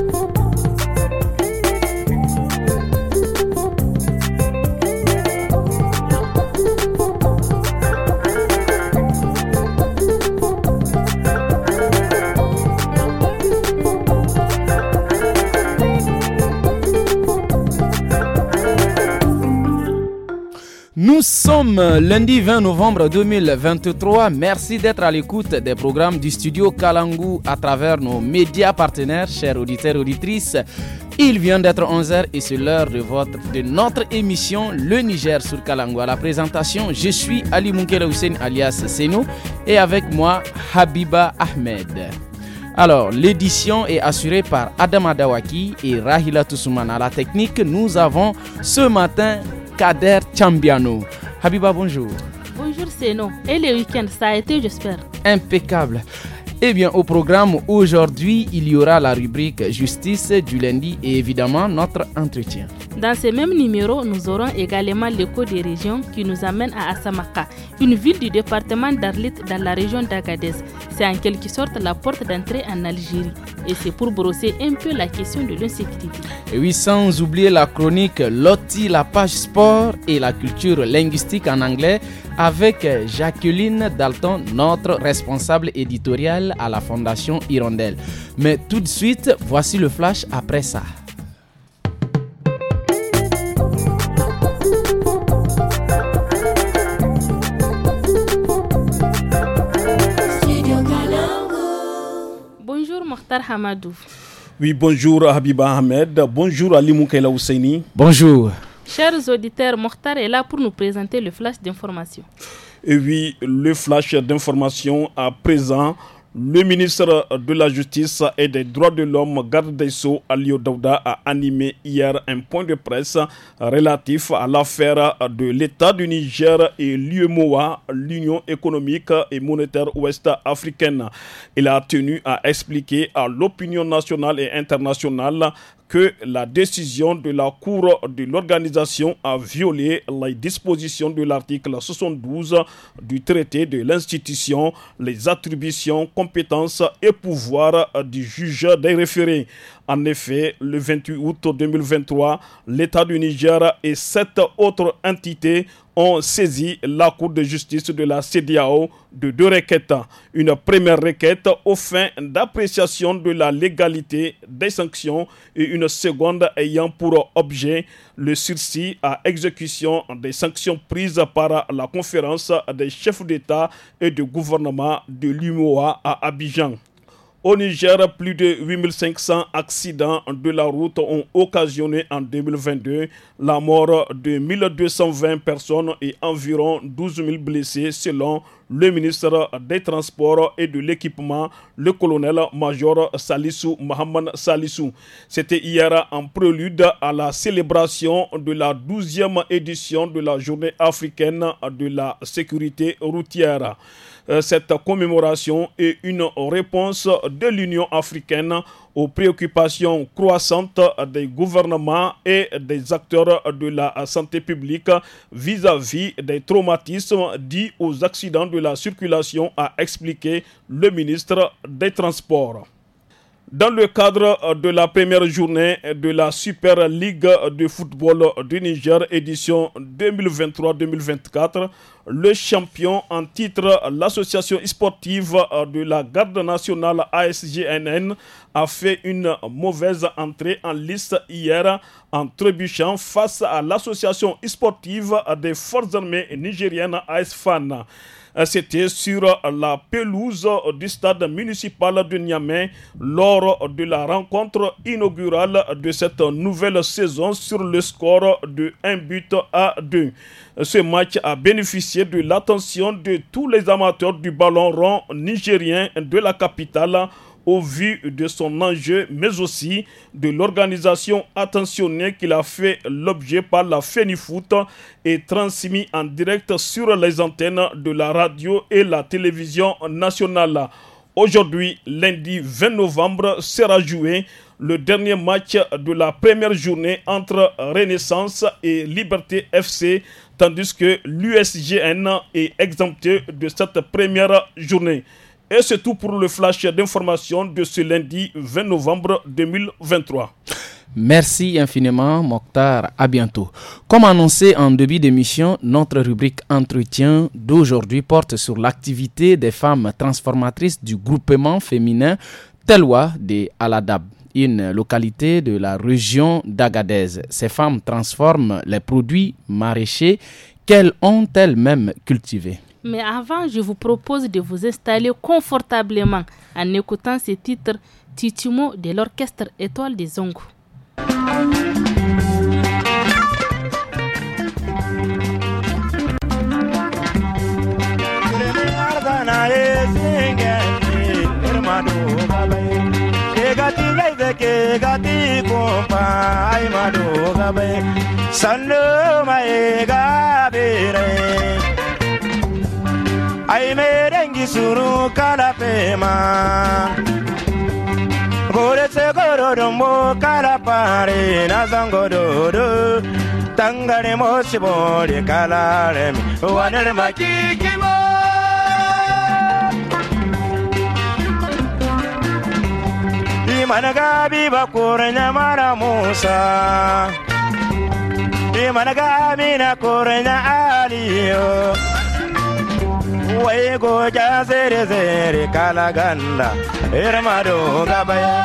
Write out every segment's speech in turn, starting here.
Thank you. Nous sommes lundi 20 novembre 2023. Merci d'être à l'écoute des programmes du studio Kalangu à travers nos médias partenaires, chers auditeurs et auditrices. Il vient d'être 11h et c'est l'heure de, votre, de notre émission Le Niger sur Kalangu. À la présentation, je suis Ali Moukela Hussein alias Seno et avec moi Habiba Ahmed. Alors, l'édition est assurée par Adam Adawaki et Rahila Toussoumana. À la technique, nous avons ce matin Kader Chambiano. Habiba, bonjour. Bonjour c'est nous. Et le week-end, ça a été, j'espère. Impeccable. Eh bien, au programme aujourd'hui, il y aura la rubrique justice du lundi et évidemment notre entretien. Dans ce même numéro, nous aurons également l'écho des régions qui nous amène à Asamaka, une ville du département d'Arlit dans la région d'Agadez. C'est en quelque sorte la porte d'entrée en Algérie. Et c'est pour brosser un peu la question de l'insécurité. Et oui, sans oublier la chronique Lotti, la page sport et la culture linguistique en anglais avec Jacqueline Dalton, notre responsable éditoriale à la Fondation Hirondelle. Mais tout de suite, voici le flash après ça. Hamadou. Oui, bonjour Habiba Ahmed, bonjour Ali Moukela Ousseini. Bonjour. Chers auditeurs, Mokhtar est là pour nous présenter le flash d'information. Et oui, le flash d'information à présent. Le ministre de la Justice et des Droits de l'Homme, Garde des Sceaux, Alio Daouda, a animé hier un point de presse relatif à l'affaire de l'État du Niger et l'UMOA, l'Union économique et monétaire ouest-africaine. Il a tenu à expliquer à l'opinion nationale et internationale que la décision de la Cour de l'organisation a violé les dispositions de l'article 72 du traité de l'institution, les attributions, compétences et pouvoirs du juge des référés. En effet, le 28 août 2023, l'État du Niger et sept autres entités ont saisi la Cour de justice de la CDAO de deux requêtes. Une première requête au fin d'appréciation de la légalité des sanctions et une seconde ayant pour objet le sursis à exécution des sanctions prises par la conférence des chefs d'État et de gouvernement de l'UMOA à Abidjan. Au Niger, plus de 8500 accidents de la route ont occasionné en 2022 la mort de 1220 personnes et environ 12 000 blessés selon le ministre des Transports et de l'Équipement, le colonel-major Salissou Mohamed Salissou. C'était hier en prélude à la célébration de la 12e édition de la Journée africaine de la sécurité routière euh, cette commémoration est une réponse de l'Union africaine aux préoccupations croissantes des gouvernements et des acteurs de la santé publique vis-à-vis des traumatismes dits aux accidents de la circulation, a expliqué le ministre des Transports. Dans le cadre euh, de la première journée de la Super Ligue euh, de football euh, du Niger, édition 2023-2024, le champion en titre, l'association sportive de la garde nationale ASGNN, a fait une mauvaise entrée en liste hier en trébuchant face à l'association sportive des forces armées nigériennes ASFAN. Euh, c'était sur euh, la pelouse euh, du stade municipal de Niamey lors de la rencontre inaugurale de cette nouvelle saison sur le score de 1 but à 2. Ce match a bénéficié de l'attention de tous les amateurs du ballon rond nigérien de la capitale au vu de son enjeu, mais aussi de l'organisation attentionnée qu'il a fait l'objet par la FENIFOOT et transmis en direct sur les antennes de la radio et la télévision nationale. Aujourd'hui, lundi 20 novembre, sera joué le dernier match de la première journée entre Renaissance et Liberté FC, tandis que l'USGN est exempté de cette première journée. Et c'est tout pour le flash d'information de ce lundi 20 novembre 2023. Merci infiniment, Mokhtar. À bientôt. Comme annoncé en début d'émission, notre rubrique Entretien d'aujourd'hui porte sur l'activité des femmes transformatrices du groupement féminin Telwa de Aladab une localité de la région d'Agadez. Ces femmes transforment les produits maraîchers qu'elles ont elles-mêmes cultivés. Mais avant, je vous propose de vous installer confortablement en écoutant ce titre Titimo de l'orchestre Étoile des Zongo. aimerengi suru kalapema gorese gorodombo kalapare nazangododo tangare mosibole kalaremi wanere makikimo managabi bakurenya mara musa imanagabi nakurenya aliyo wai go ja zere sere kala ganda irmado gabaya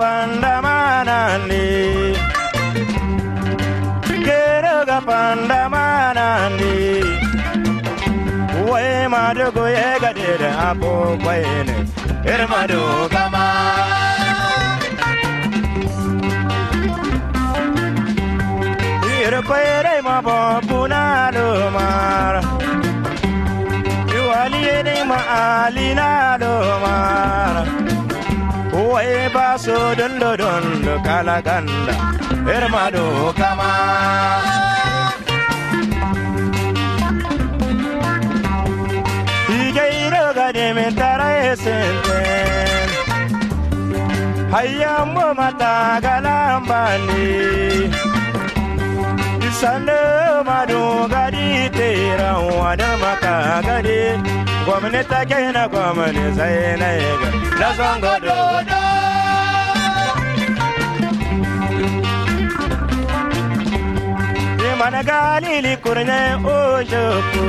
pandamanandi keroga pandamanandi we madogo yegadere apo kwaene ermadoga Pero koyere ma bo buna lo mar Yuwaliye ne ma alina lo mar Uwe ba so dondo dondo kalaganda Erma do kama dimentara esenten hayambo mata galambani sanda mado gadi tera wada maka gari gwamnati ta kaina gwamnati sai na yaga na zango dodo mana galili kurne o joku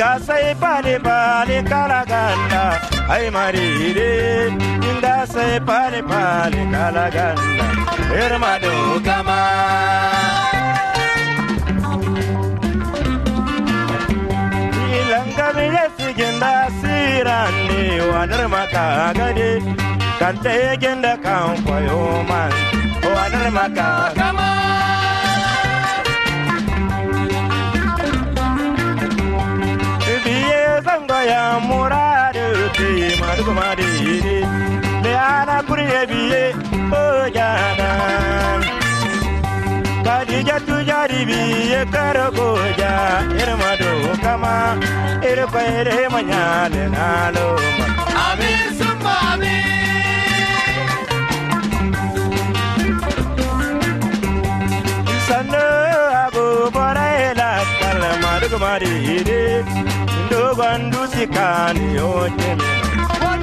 ga sai pale pale kalaganda ai marire ya sai fare fare kalaganda irma kama. ilanga mire siginda sirani wanar maka gade kanta yeginda kan kwayo man wanar maka biye zango ya muradu ti kumadi kurebiye ojanan kadija tujaribiye karogoja irmado kama irkoyere manyalenaloma amin sumba amin sanno abu bora lakal kalma dugmari ide ndogandu sikani ojem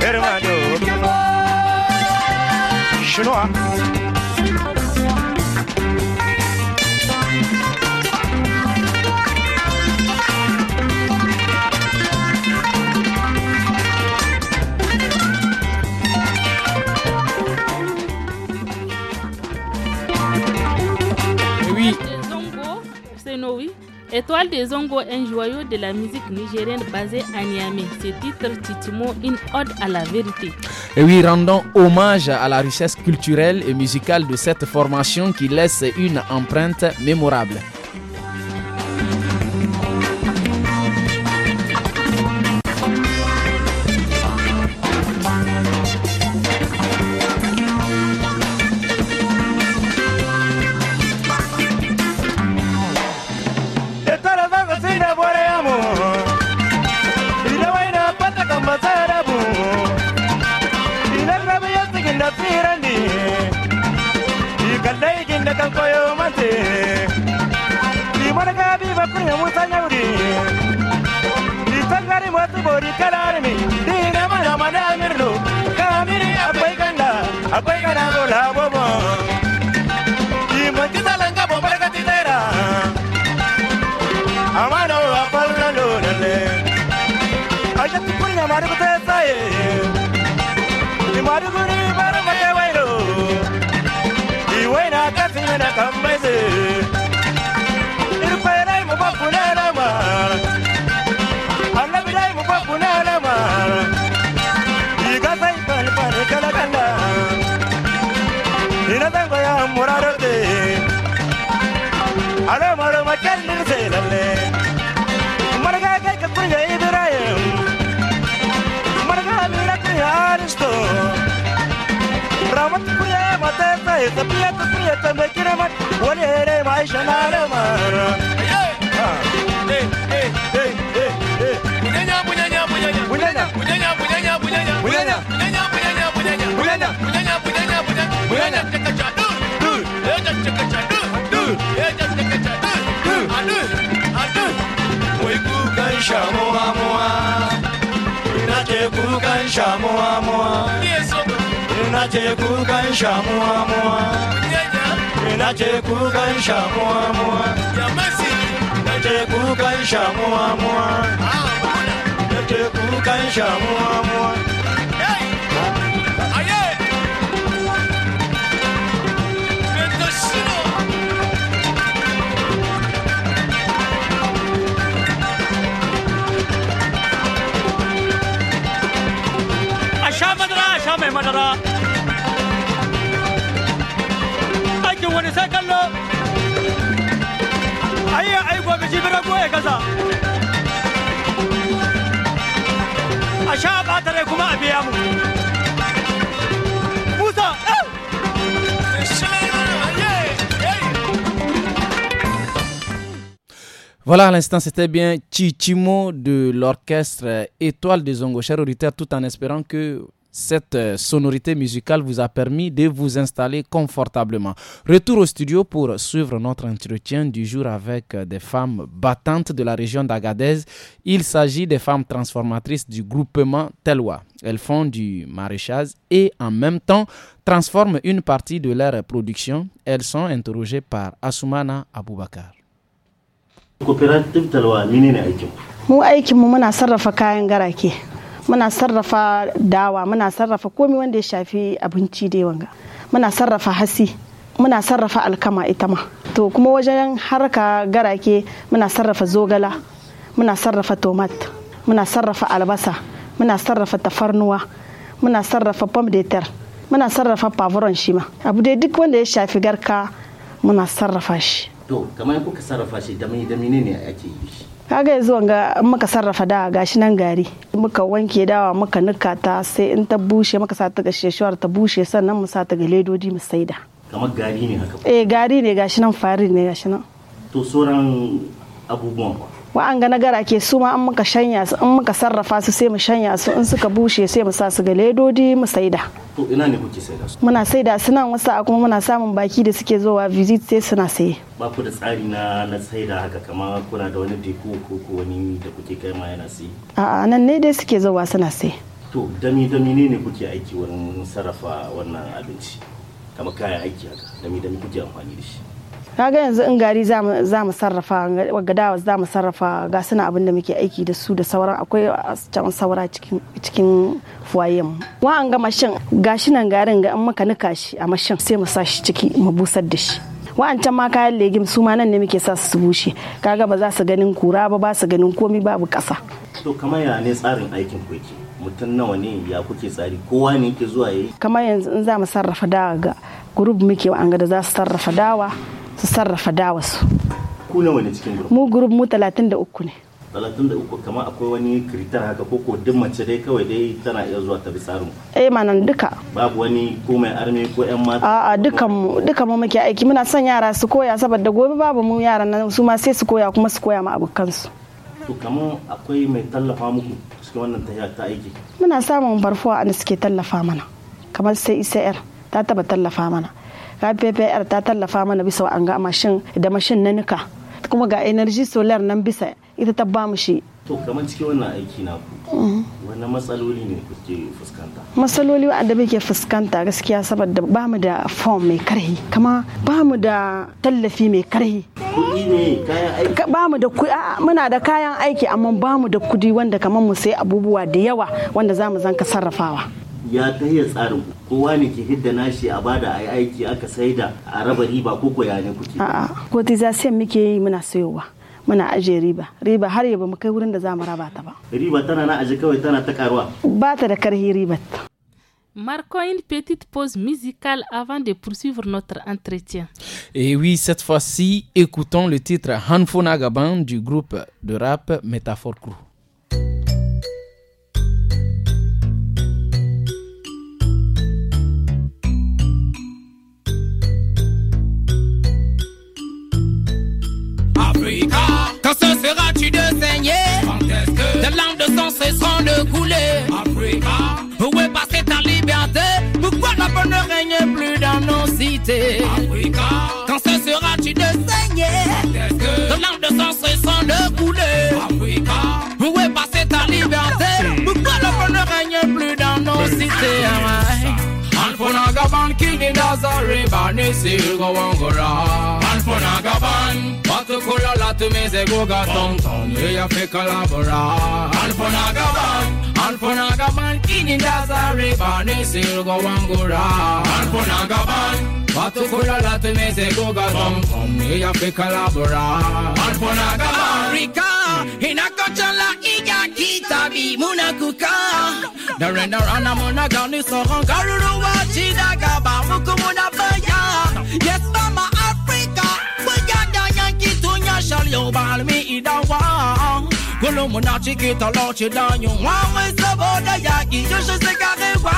irmado kama 许诺啊 Étoile des Zongo, un joyau de la musique nigérienne basée à Niamey. Ce titre, Titimo, une ode à la vérité. Et oui, rendons hommage à la richesse culturelle et musicale de cette formation qui laisse une empreinte mémorable. kukan shamuwa muwa ina ce kukan shamuwa muwa ina ce kukan shamuwa muwa ina ce kukan shamuwa muwa ah, ina ce kukan shamuwa muwa Eh! Voilà, à l'instant, c'était bien Chichimo de l'orchestre Étoile des Zongo, chers auditeurs, tout en espérant que cette euh, sonorité musicale vous a permis de vous installer confortablement. Retour au studio pour suivre notre entretien du jour avec euh, des femmes battantes de la région d'Agadez. Il s'agit des femmes transformatrices du groupement Telwa. Elles font du maraîchage et en même temps transforment une partie de leur production. Elles sont interrogées par Asumana Aboubakar. Coopérative Telwa, muna sarrafa dawa muna sarrafa komai wanda ya shafi abinci da wanga muna sarrafa hasi muna sarrafa alkama ita ma to kuma wajen harka garake muna sarrafa zogala muna sarrafa tomat muna sarrafa albasa muna sarrafa tafarnuwa muna sarrafa pom de terre muna sarrafa pavron shi ma abu dai duk wanda ya shafi garka muna sarrafa shi to kamar kuka sarrafa shi da ne ake yi kaga yanzu ga in muka sarrafa da gashi nan gari muka wanke dawa muka nika ta sai in ta bushe muka sa ta ga sheshuwar ta bushe sannan mu sa ta ga ledodi mu saida kamar gari ne haka eh gari ne gashi nan fari ne gashi nan to sauran abubuwan wa'anga na gara ke su ma an muka shanya su an muka sarrafa su sai mu shanya su in suka bushe sai mu sa su ga ledodi mu saida to ina ne kuke saida su muna saida su nan wasu a kuma muna samun baki da suke zowa visit sai suna saye ba ku da tsari na na saida haka kamar kuna da wani depo ko ko wani da kuke kai ma yana saye a'a nan ne dai suke zowa suna saye to dami dami ne ne kuke aiki wurin sarrafa wannan abinci kamar kayan aiki haka dami dami kuke amfani da shi kaga yanzu in gari za mu sarrafa ga dawa za mu sarrafa ga suna abin da muke aiki da su da sauran akwai can saura cikin fuwayen wa an ga mashin ga shi nan garin ga in maka nika shi a mashin sai mu sa shi ciki mu busar da shi wa'ancan ma kayan legim su ma nan ne muke sa su bushe kaga ba za su ganin kura ba ba su ganin komi babu kasa to kamar ya ne tsarin aikin ku yake mutum nawa ne ya kuke tsari kowa ne yake zuwa yayi kamar yanzu in za mu sarrafa dawa ga group muke wa'anga da za su sarrafa dawa su sarrafa dawasu ku nawa ne cikin gurup mu gurup mu 33 ne 33 kamar akwai wani kiritar haka ko ko duk mace dai kawai dai tana iya zuwa ta bisarin eh nan duka babu wani ko mai armi ko yan mata a'a dukan mu dukan mu muke aiki muna son yara su koya saboda gobe babu mu yaran nan su ma sai su koya kuma su koya ma abokan su to kamar akwai mai tallafa muku cikin wannan tafiya ta aiki muna samun barfuwa da suke tallafa mana kamar sai isa'ir e ta taba tallafa mana kppr ta tallafa mana bisa wa'anga mashin da mashin na nika kuma ga energy solar nan bisa ita ta ba mu shi to kamar cikin wannan aiki na ku mm-hmm. wannan matsaloli ne kuke fuskanta matsaloli wanda muke fuskanta gaskiya saboda ba mu da form mai karhi kama ba mu da tallafi mai karhi kuɗi ne kayan aiki ba mu da kuɗi muna da kayan aiki amma ba mu da kuɗi wanda kamar mu sai abubuwa da yawa wanda za mu zanka sarrafawa ya ta iya tsarin kowa ne ke hidda nashi a bada a aiki aka saida a raba riba ko ko ne kuke a'a cotization muke yi muna sayowa muna aje riba riba har yaba mu kai wurin da za mu raba ta ba riba tana na aje kawai tana ta karuwa ba ta da karhi riba ta une petite pause musicale avant de poursuivre notre entretien. Et oui, cette fois-ci, écoutons le titre Hanfona Gaban du groupe de rap Métaphore Crew. cesseront de couler. Africa, où est passée ta liberté Pourquoi la peur ne règne plus dans nos cités Africa, quand ce sera-tu de saigner De l'âme de sang sans de couler. Africa, où est passée ta liberté Pourquoi la peur ne règne plus dans nos cités Anfonaga ah, ah, ban kidi dazare ban isil go wangora to pull a lot to me, they go got downtown. We have to collaborate. And for Nagaban, and for Nagaban, in they still go and go round. And for Nagaban, but to pull a lot to me, go got We collaborate. And for Nagaban, Rika, in a cochola, Iga, Kita, Bi, Munakuka. The render on a monagani, so on Garuru, munachikitolochi danyu mwamwesoboda yakiyoshesekarewa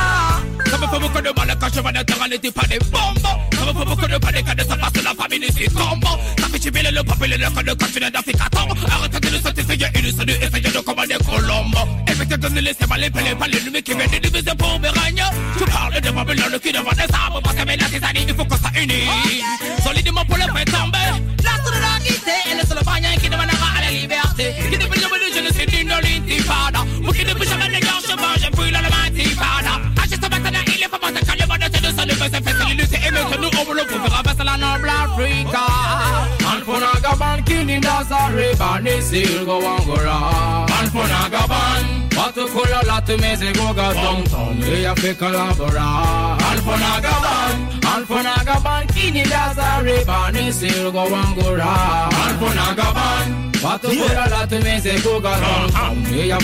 Comme faut beaucoup de mal quand je vois dans n'était pas des bombes Comme faut beaucoup de panique quand ça passe la famille ici tombe Ça fait chibiler le peuple et le code continent d'Afrique attend Arrêtez de nous satisfaire et nous sommes essayés de commander Colombo Et puis de nous laisser aller par les palais lui qui viennent diviser pour Béragne Tu parles de Babylone qui devant des arbres Parce que maintenant c'est année il faut qu'on s'unisse Solidement pour le faire tomber L'astre de la guité et le seul moyen qui demandera à la liberté Qui sin innehåller inte Ifada Mocken upp i som en legal chaufför som fyllar de här till Ifada Han känns som att han är ille för maten kan leva den till dessa luven Sen festen i lyser ännu så nu overlopen för västerland och Afrika Man får naga band, killing dansar, ribban silgo angora Man får naga band Bottle full of lot to me say go go downtown We Alphonagaban Alphonagaban Kini Laza Rebani Still go and go round Alphonagaban lot to me say go go downtown We a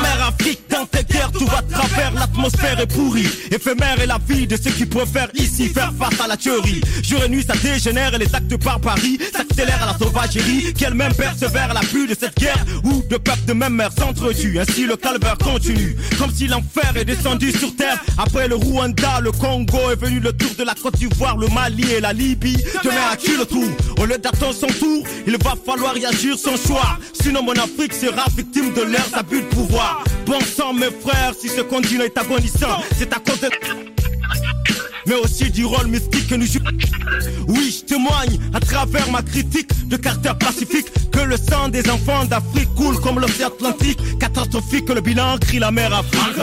mère Afrique dans tes guerres tout va travers L'atmosphère est pourrie Éphémère est la vie de ceux qui préfèrent ici Faire face à la tuerie Jour et nuit ça dégénère Et les actes de barbarie S'accélèrent à la sauvagerie Qu'elle-même persévère à la pluie de cette guerre Ou peuple de même mère s'entretue. Ainsi le calvaire continue, comme si l'enfer est descendu sur terre. Après le Rwanda, le Congo est venu le tour de la Côte d'Ivoire, le Mali et la Libye. Demain, as-tu le trou Au lieu d'attendre son tour, il va falloir y agir sans choix. Sinon, mon Afrique sera victime de leurs abus de pouvoir. Bon sang, mes frères, si ce continent est abondissant, c'est à cause de mais aussi du rôle mystique que nous Oui, je témoigne à travers ma critique de Carter Pacifique que des enfants d'Afrique coulent comme l'océan Atlantique. Catastrophique, le bilan crie la mer Africaine.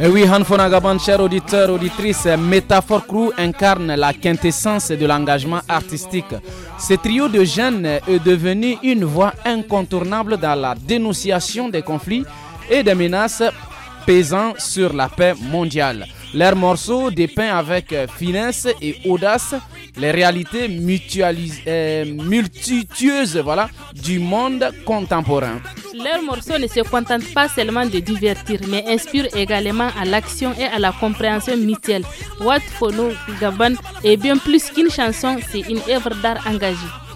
Et eh oui, Hanfonagaban, cher chers auditeurs, auditrices, Métaphore Crew incarne la quintessence de l'engagement artistique. Ce trio de jeunes est devenu une voix incontournable dans la dénonciation des conflits et des menaces pesant sur la paix mondiale. Leur morceau dépeint avec euh, finesse et audace les réalités euh, multitueuses voilà, du monde contemporain. Leur morceau ne se contente pas seulement de divertir, mais inspire également à l'action et à la compréhension mutuelle. What Follow Gabon est bien plus qu'une chanson, c'est une œuvre d'art engagée.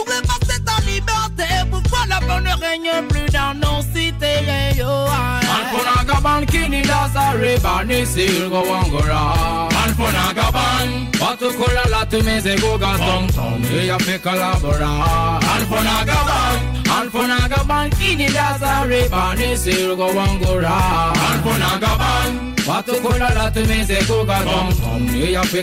Oublie pas c'est ta liberté, pourquoi la peur règne plus dans nos cités Alpunan kini dasare bani silgo wangora Alpunan gaban Watu kula goga tong tong Ye ya fe kalabora Alpunan gaban Alpunagaban, inidazare bani silgo wangora Alpunagaban Watukola la tumeze kuga tom tom New York we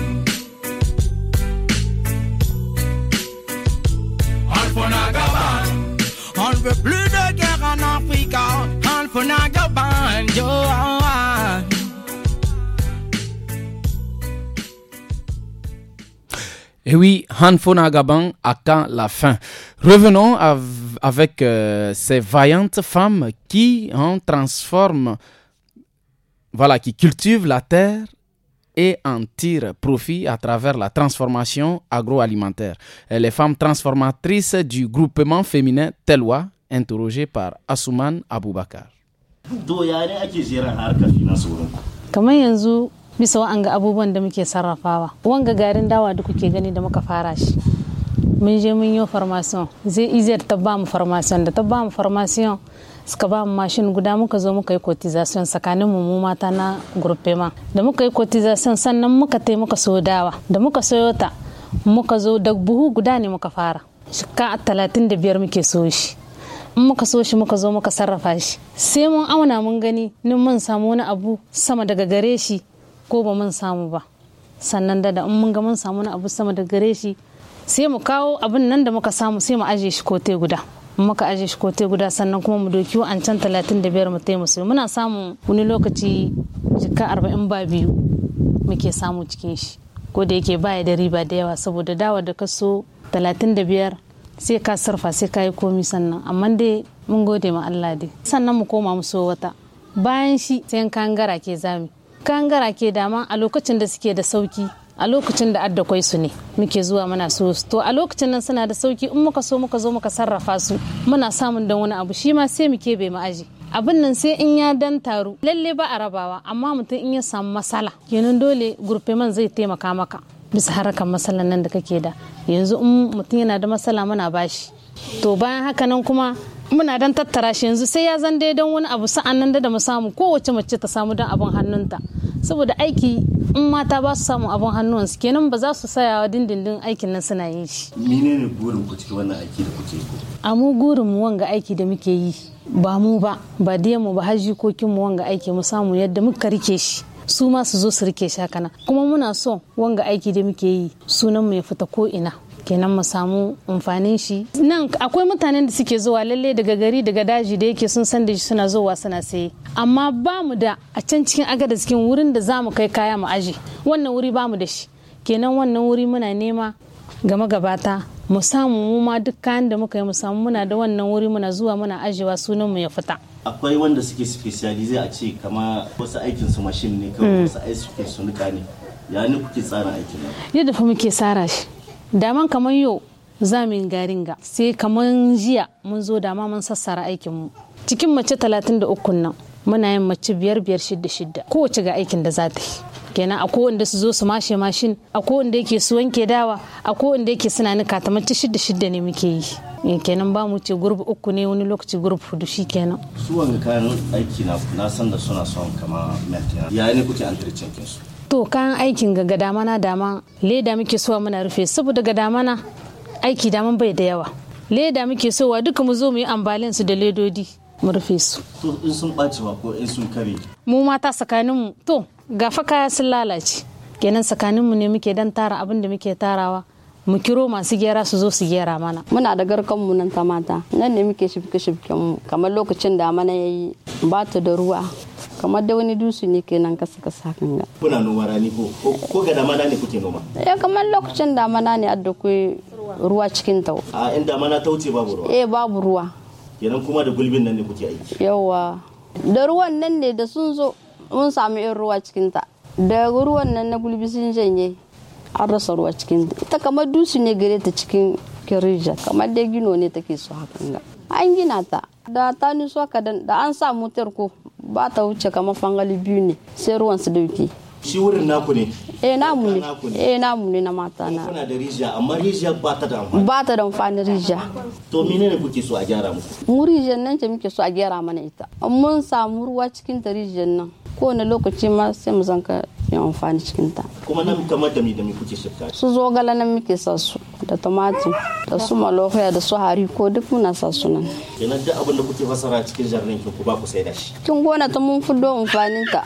Et eh oui, Hanfona Gaban à la fin Revenons avec euh, ces vaillantes femmes qui en transforment, voilà, qui cultivent la terre et en tirent profit à travers la transformation agroalimentaire. Les femmes transformatrices du groupement féminin Telwa, interrogées par Asuman Aboubakar. bisa ga abubuwan da muke sarrafawa wanga garin dawa da kuke gani da muka fara shi mun je mun yi farmasiyon zai iziyar e ta ba mu farmasiyon da ta ba mu farmasiyon suka ba mu mashin guda muka zo muka yi cotization tsakanin mu mu mata na gurfema da muka yi cotization sannan muka taimaka muka so dawa da muka soyo ta muka zo da buhu guda ne muka fara shika talatin da biyar muke so shi in muka so shi muka zo muka sarrafa shi sai mun auna mun gani nin mun samu wani abu sama daga gare shi ko ba mun samu ba sannan da da mun ga mun samu na abu sama da gare shi sai mu kawo abin nan da muka samu sai mu aje shi kote guda muka aje shi kote guda sannan kuma mu doki an can talatin da biyar mu sai muna samun wani lokaci jika arba'in ba biyu muke samu cikin shi ko da yake baya da riba da yawa saboda dawa da kaso talatin da biyar sai ka sarfa sai ka yi komi sannan amma dai mun gode ma Allah dai sannan mu koma mu so wata bayan shi sai kan gara ke zami kangara ke dama a lokacin da suke da sauki a lokacin da adda kwai su ne muke zuwa muna so to a lokacin nan suna da sauki in muka so muka zo muka sarrafa su muna samun dan wani abu shi ma sai muke bai ma'aji abin nan sai in ya dan taru lalle ba a rabawa amma mutum in ya samu masala kenan dole gurfe man zai taimaka maka bisa harkar masalan nan da kake da yanzu in mutum yana da masala muna bashi to bayan haka nan kuma muna dan tattara shi yanzu sai ya zan dai wani abu sa'an nan da mu samu kowace mace ta samu don abin hannunta saboda aiki in mata ba su samu abin hannuwansu kenan ba za su saya wa dindindin aikin nan suna yin shi menene burin ku cikin wannan aiki da kuke ko a mu gurin mu wanga aiki da muke yi ba mu ba ba dai mu ba har jikokin mu wanga aiki mu samu yadda muka rike shi su ma su zo su rike shakana kuma muna so wanga aiki da muke yi sunan mu ya fita ko ina kenan mu samu amfanin shi nan akwai mutanen da suke zuwa lalle daga gari daga daji da yake sun san da shi suna zuwa suna saye amma ba mu da a can cikin agada cikin wurin da za mu kai kaya mu aje wannan wuri ba mu da shi kenan wannan wuri muna nema game gabata mu samu mu ma duk kayan da muka yi mu samu muna da wannan wuri muna zuwa muna ajewa sunan mu ya fita akwai wanda suke specialize a ce kama wasu aikin su mashin ne kawai mm. wasu aikin su nika ne ya ni kuke tsara aikin yadda fa muke tsara shi daman kamar yau za mu garinga sai kamar jiya mun zo dama mun sassara aikinmu cikin mace 33 nan muna yin mace biyar biyar shidda shidda kowace ga aikin da za ta yi kenan a wanda su zo su mashe mashin a wanda yake su wanke dawa a wanda yake suna nika ta mace shidda shidda ne muke yi eh, kenan ba mu ce gurbi uku ne wani lokaci gurbi hudu shi kenan su wanga kayan aiki na san da suna son kama maintenance ya ne kuke antrecin su to kayan aikin ga mana dama leda muke sowa muna rufe saboda gada mana aiki daman bai da yawa leda muke sowa duka mu zo mu yi ambalin su da ledodi mu rufe su to in sun bacewa ko in sun kare mu mata tsakanin mu to gafa kaya sun lalace kenan tsakanin mu ne muke dan tara abin da muke tarawa mu kiro masu gera su zo su gera mana muna da mu nan ta mata nan ne muke shifke shifken mu kamar lokacin da mana yayi ba ta da ruwa kamar da wani dusu ne kenan ka saka kan ga kuna noma rani ko ko ga damana ne kuke noma ya eh, kamar lokacin damana ne adda ku ruwa cikin ta a in damana ta wuce babu ruwa eh babu ruwa kenan kuma da gulbin nan ne kuke aiki yawa da ruwan nan ne da sun zo mun samu irin ruwa cikin ta da ruwan nan na gulbi sun janye an rasa ruwa cikin ta kamar dusu ne gare ta cikin kirija kamar da gino ne take so hakan ga an gina ta da ta niso ka da an sa motar ko ba ta wuce kamar fangali biyu ne sai shi wurin naku ne eh namu ne eh namu ne na mata na kuna da rijiya amma rijiya ba ta da amfani ba ta da amfani rijiya to ne kuke so a gyara muku mu rijiyar nan ce muke so a gyara mana ita mun samu ruwa cikin ta rijiyar nan kowane lokaci ma sai mu zanka yin amfani cikin ta kuma nan kamar da mi da mi kuke shirka su zo gala nan muke sa su da tumatir da su malofiya da su hari ko duk muna sa su nan kenan duk abin da kuke fasara cikin jarrin ku ba ku sai da shi kin gona ta mun fudo amfanin ta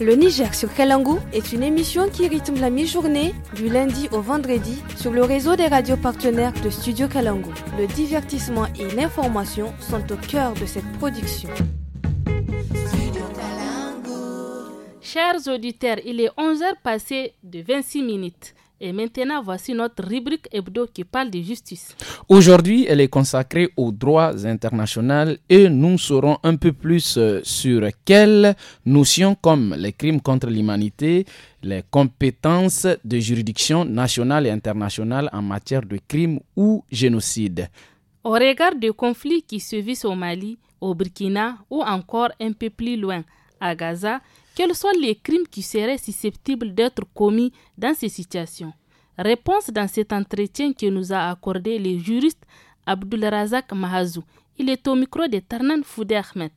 Le Niger sur Kalangu est une émission qui rythme la mi-journée du lundi au vendredi sur le réseau des radios partenaires de Studio Kalangu. Le divertissement et l'information sont au cœur de cette production. Chers auditeurs, il est 11h passé de 26 minutes. Et maintenant, voici notre rubrique hebdo qui parle de justice. Aujourd'hui, elle est consacrée aux droits internationaux et nous saurons un peu plus euh, sur quelles notions comme les crimes contre l'humanité, les compétences de juridiction nationale et internationale en matière de crimes ou génocide. Au regard des conflits qui se vivent au Mali, au Burkina ou encore un peu plus loin, à Gaza, quels sont les crimes qui seraient susceptibles d'être commis dans ces situations Réponse dans cet entretien que nous a accordé le juriste Razak Mahazou. Il est au micro de Tarnan Foudé Ahmed.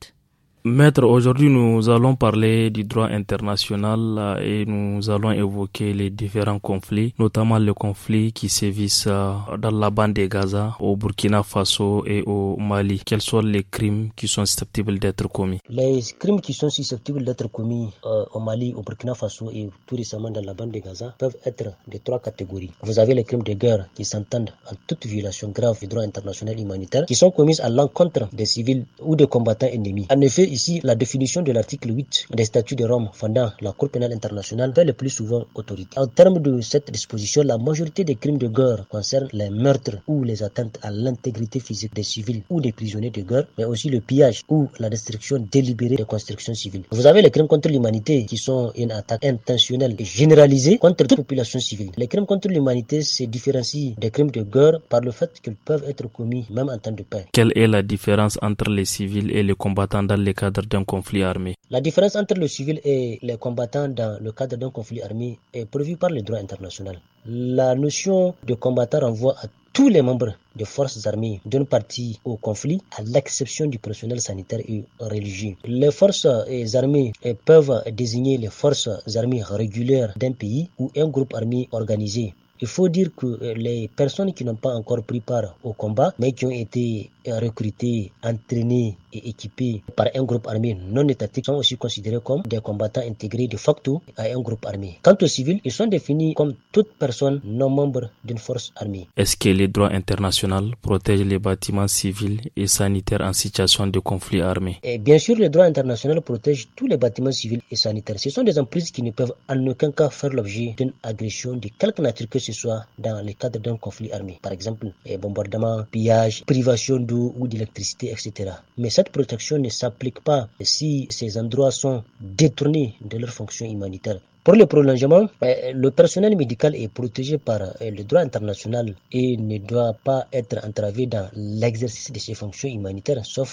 Maître, aujourd'hui nous allons parler du droit international euh, et nous allons évoquer les différents conflits, notamment le conflit qui vit euh, dans la bande de Gaza, au Burkina Faso et au Mali. Quels sont les crimes qui sont susceptibles d'être commis Les crimes qui sont susceptibles d'être commis euh, au Mali, au Burkina Faso et tout récemment dans la bande de Gaza peuvent être de trois catégories. Vous avez les crimes de guerre qui s'entendent en toute violation grave du droit international humanitaire qui sont commis à l'encontre des civils ou des combattants ennemis. En effet, ici la définition de l'article 8 des statuts de Rome fondant la Cour pénale internationale fait le plus souvent autorité. En termes de cette disposition, la majorité des crimes de guerre concernent les meurtres ou les atteintes à l'intégrité physique des civils ou des prisonniers de guerre, mais aussi le pillage ou la destruction délibérée des constructions civiles. Vous avez les crimes contre l'humanité qui sont une attaque intentionnelle et généralisée contre toute population civile. Les crimes contre l'humanité se différencient des crimes de guerre par le fait qu'ils peuvent être commis même en temps de paix. Quelle est la différence entre les civils et les combattants dans les cas conflit La différence entre le civil et les combattants dans le cadre d'un conflit armé est prévue par le droit international. La notion de combattant renvoie à tous les membres des forces armées d'une partie au conflit, à l'exception du personnel sanitaire et religieux. Les forces armées peuvent désigner les forces armées régulières d'un pays ou un groupe armé organisé il faut dire que euh, les personnes qui n'ont pas encore pris part au combat, mais qui ont été euh, recrutées, entraînées et équipées par un groupe armé non étatique sont aussi considérées comme des combattants intégrés de facto à un groupe armé. Quant aux civils, ils sont définis comme toute personne non membre d'une force armée. Est-ce que les droits internationaux protègent les bâtiments civils et sanitaires en situation de conflit armé et Bien sûr, les droits internationaux protègent tous les bâtiments civils et sanitaires. Ce sont des emprises qui ne peuvent en aucun cas faire l'objet d'une agression de quelque nature que ce soit dans le cadre d'un conflit armé, par exemple eh, bombardement, pillage, privation d'eau ou d'électricité, etc. Mais cette protection ne s'applique pas si ces endroits sont détournés de leur fonction humanitaire. Pour le prolongement, eh, le personnel médical est protégé par eh, le droit international et ne doit pas être entravé dans l'exercice de ses fonctions humanitaires, sauf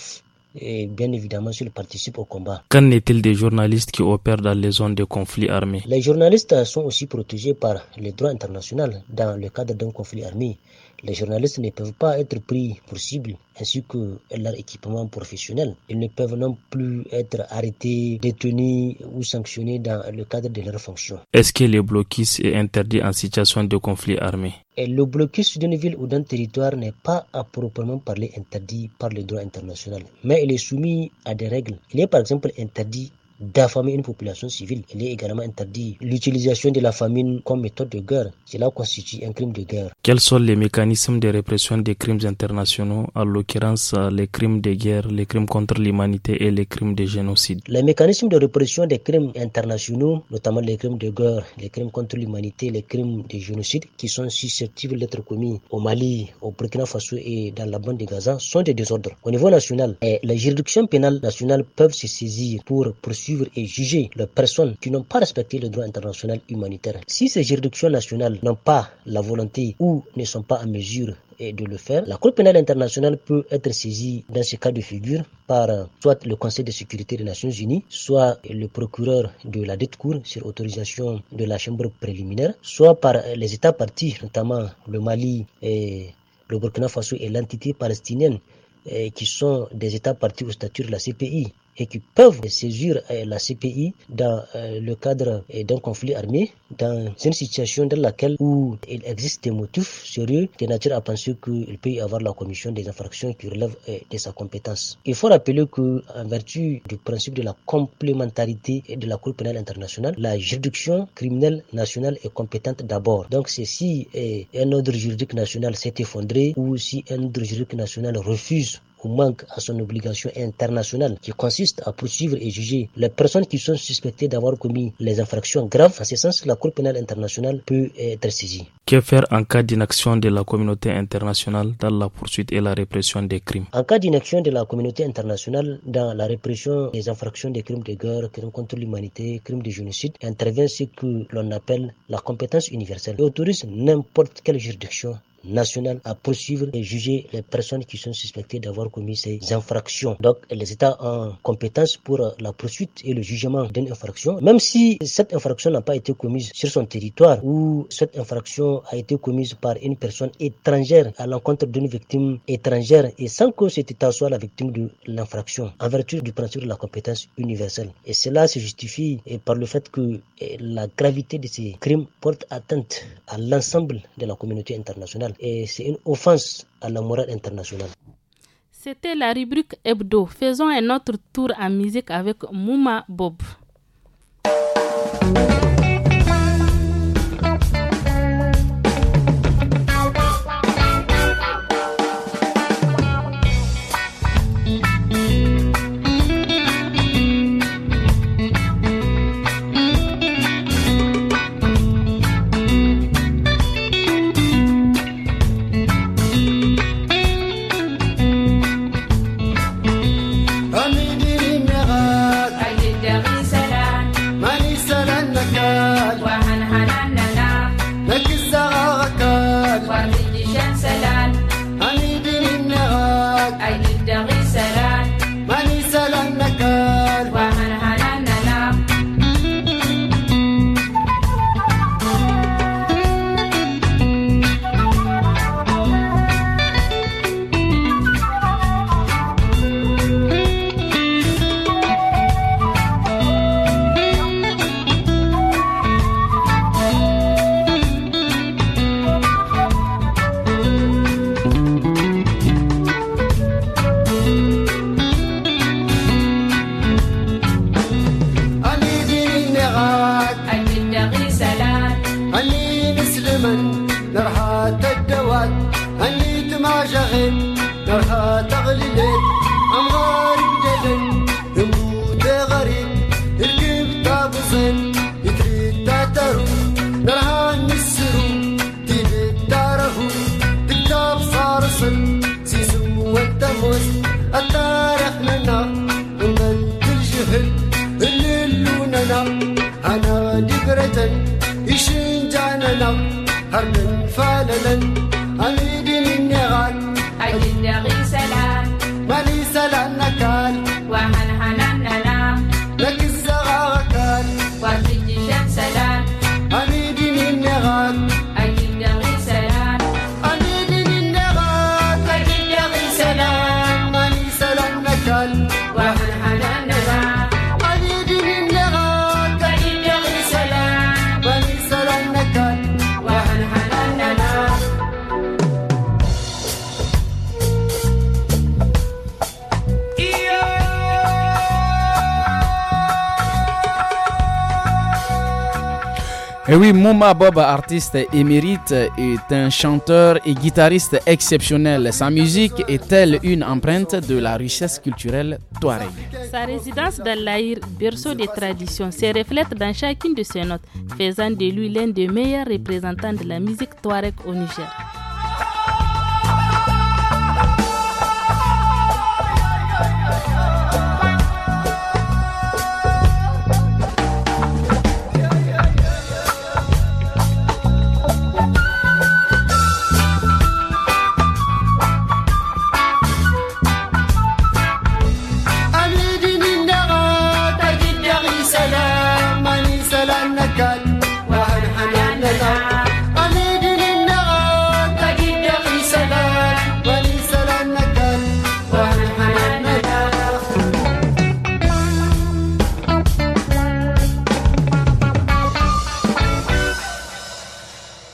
et bien évidemment s'ils participent au combat. Qu'en est-il des journalistes qui opèrent dans les zones de conflit armé Les journalistes sont aussi protégés par les droits internationaux dans le cadre d'un conflit armé. Les journalistes ne peuvent pas être pris pour cible, ainsi que leur équipement professionnel. Ils ne peuvent non plus être arrêtés, détenus ou sanctionnés dans le cadre de leurs fonctions. Est-ce que le blocus est interdit en situation de conflit armé et le blocus d'une ville ou d'un territoire n'est pas à proprement parler interdit par le droit international, mais il est soumis à des règles. Il est par exemple interdit d'affamer une population civile. Il est également interdit l'utilisation de la famine comme méthode de guerre. Cela constitue un crime de guerre. Quels sont les mécanismes de répression des crimes internationaux, en l'occurrence euh, les crimes de guerre, les crimes contre l'humanité et les crimes de génocide Les mécanismes de répression des crimes internationaux, notamment les crimes de guerre, les crimes contre l'humanité, les crimes de génocide qui sont susceptibles d'être commis au Mali, au Burkina Faso et dans la bande de Gaza sont des désordres. Au niveau national, eh, les juridictions pénales nationales peuvent se saisir pour poursuivre et juger les personnes qui n'ont pas respecté le droit international humanitaire. Si ces juridictions nationales n'ont pas la volonté ou ne sont pas en mesure de le faire. La Cour pénale internationale peut être saisie dans ce cas de figure par soit le Conseil de sécurité des Nations Unies, soit le procureur de la dette cour sur autorisation de la chambre préliminaire, soit par les États partis, notamment le Mali et le Burkina Faso et l'entité palestinienne eh, qui sont des États partis au statut de la CPI et qui peuvent saisir euh, la CPI dans euh, le cadre euh, d'un conflit armé, dans une situation dans laquelle où il existe des motifs sérieux de nature à penser qu'il peut y avoir la commission des infractions qui relèvent de sa compétence. Il faut rappeler que, en vertu du principe de la complémentarité de la Cour pénale internationale, la juridiction criminelle nationale est compétente d'abord. Donc, c'est si un ordre juridique national s'est effondré ou si un ordre juridique national refuse manque à son obligation internationale qui consiste à poursuivre et juger les personnes qui sont suspectées d'avoir commis les infractions graves. À ce sens, la Cour pénale internationale peut être saisie. Que faire en cas d'inaction de la communauté internationale dans la poursuite et la répression des crimes En cas d'inaction de la communauté internationale dans la répression des infractions des crimes de guerre, crimes contre l'humanité, crimes de génocide, intervient ce que l'on appelle la compétence universelle et autorise n'importe quelle juridiction nationale à poursuivre et juger les personnes qui sont suspectées d'avoir commis ces infractions. Donc, les États ont compétence pour la poursuite et le jugement d'une infraction, même si cette infraction n'a pas été commise sur son territoire ou cette infraction a été commise par une personne étrangère à l'encontre d'une victime étrangère et sans que cet État soit la victime de l'infraction, en vertu du principe de la compétence universelle. Et cela se justifie par le fait que eh, la gravité de ces crimes porte atteinte à l'ensemble de la communauté internationale et c'est une offense à la morale internationale. C'était la rubrique hebdo. Faisons un autre tour en musique avec Mouma Bob. oui, Mouma Bob, artiste émérite, est un chanteur et guitariste exceptionnel. Sa musique est elle une empreinte de la richesse culturelle touareg. Sa résidence dans l'Aïr, berceau des traditions, se reflète dans chacune de ses notes, faisant de lui l'un des meilleurs représentants de la musique touareg au Niger.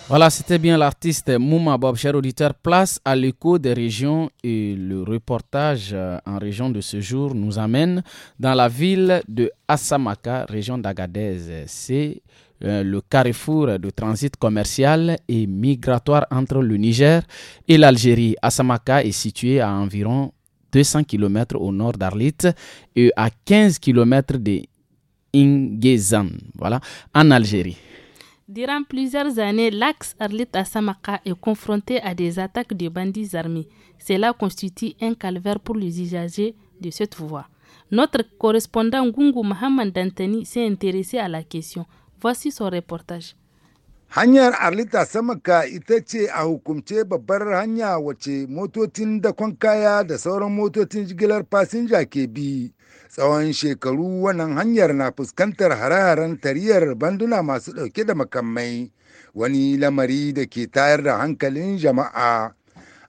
Voilà, c'était bien l'artiste Mouma Bob, cher auditeur. Place à l'écho des régions et le reportage euh, en région de ce jour nous amène dans la ville de Assamaka, région d'Agadez. C'est euh, le carrefour de transit commercial et migratoire entre le Niger et l'Algérie. Assamaka est situé à environ 200 km au nord d'Arlit et à 15 km de Ingezan, voilà, en Algérie. Durant plusieurs années, l'axe Arlit Asamaka est confronté à des attaques de bandits armés. Cela constitue un calvaire pour les usagers de cette voie. Notre correspondant Gungu Mohamed Dantani s'est intéressé à la question. Voici son reportage. tsawon shekaru wannan hanyar na fuskantar hararen tariyar banduna masu ɗauke da makamai wani lamari da ke tayar da hankalin jama'a